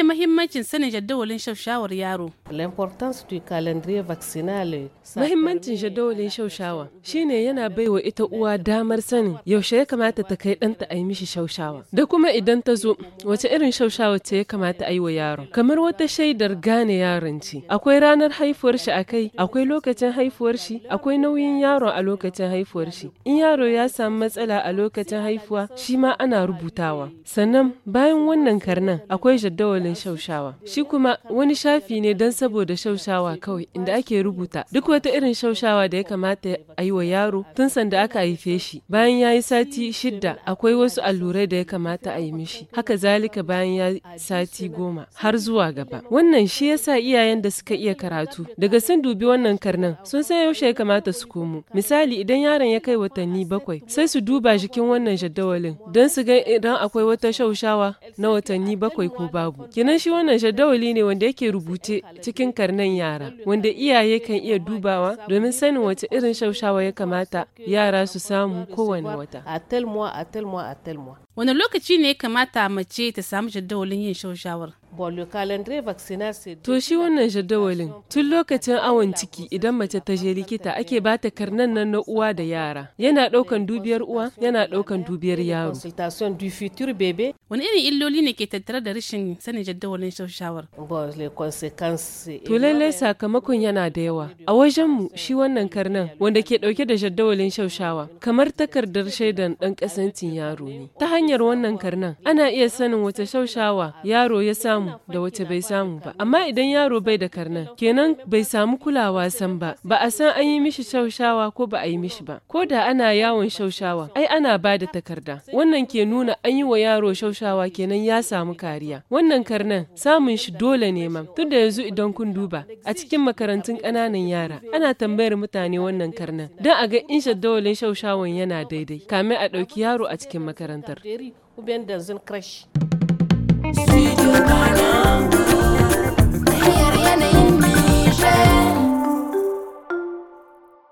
ne mahimmancin sanin jadawalin shawar yaro? Mahimmancin jadawalin shaushawa shine yana baiwa ita uwa damar sani, yaushe ya kamata ta kai ɗanta a yi mishi shaushawa. Da kuma idan ta zo, wace irin shaushawa ce ya kamata a yi wa yaro Kamar wata shaidar gane yaron ce. Akwai ranar haifuwar shi a kai, akwai lokacin haifuwar shi, akwai nauyin yaron a lokacin haifuwar shi. In yaro ya samu matsala a lokacin haifuwa, shi ma ana rubutawa. Sannan bayan wannan karnan akwai jadawalin don shaushawa. Shi kuma wani shafi ne don saboda shaushawa kawai inda ake rubuta duk wata irin shaushawa da ya kamata a yi wa yaro tun sanda aka haife shi. Bayan ya yi sati shidda akwai wasu allurai da ya kamata a yi mishi. Haka zalika bayan ya sati goma har zuwa gaba. Wannan shi yasa iyayen da suka iya karatu daga sun dubi wannan karnan sun san yaushe ya kamata su komo. Misali idan yaron ya kai watanni bakwai sai su duba jikin wannan jadawalin don su ga idan akwai wata shaushawa na watanni bakwai ko babu. kenan shi wannan jadawali ne wanda yake rubuce cikin karnan yara wanda iyaye kan iya dubawa domin sanin wace irin shaushawa ya kamata yara su samu kowane wata wani lokaci ne ya kamata mace ta samu jadawalin yin shaushawar To shi wannan jadawalin tun lokacin awon ciki idan mace ta je likita ake ba ta karnan nan na uwa da yara. Yana ɗaukan dubiyar uwa, yana ɗaukan dubiyar yaro. Wani irin illoli ne ke tattare da rashin sanin jadawalin shawar? To lallai sakamakon yana da yawa. A wajenmu shi wannan karnan wanda ke ɗauke da jadawalin shaushawa kamar takardar shaidan ɗan ƙasancin yaro ne. Ta hanyar wannan karnan ana iya sanin wata shaushawa yaro ya samu da wacce bai samu ba amma idan yaro bai da karnan kenan bai samu kulawa san ba ba a san an yi mishi shaushawa ko ba a yi mishi ba ko da ana yawon shaushawa ai ana ba da takarda wannan ke nuna an yi wa yaro shaushawa kenan ya samu kariya wannan karnan samun shi dole ne ma tun da yanzu idan kun duba a cikin makarantun ƙananan yara ana tambayar mutane wannan karnan don a ga in shaddawalin shaushawan yana daidai kamin a ɗauki yaro a cikin makarantar. Studio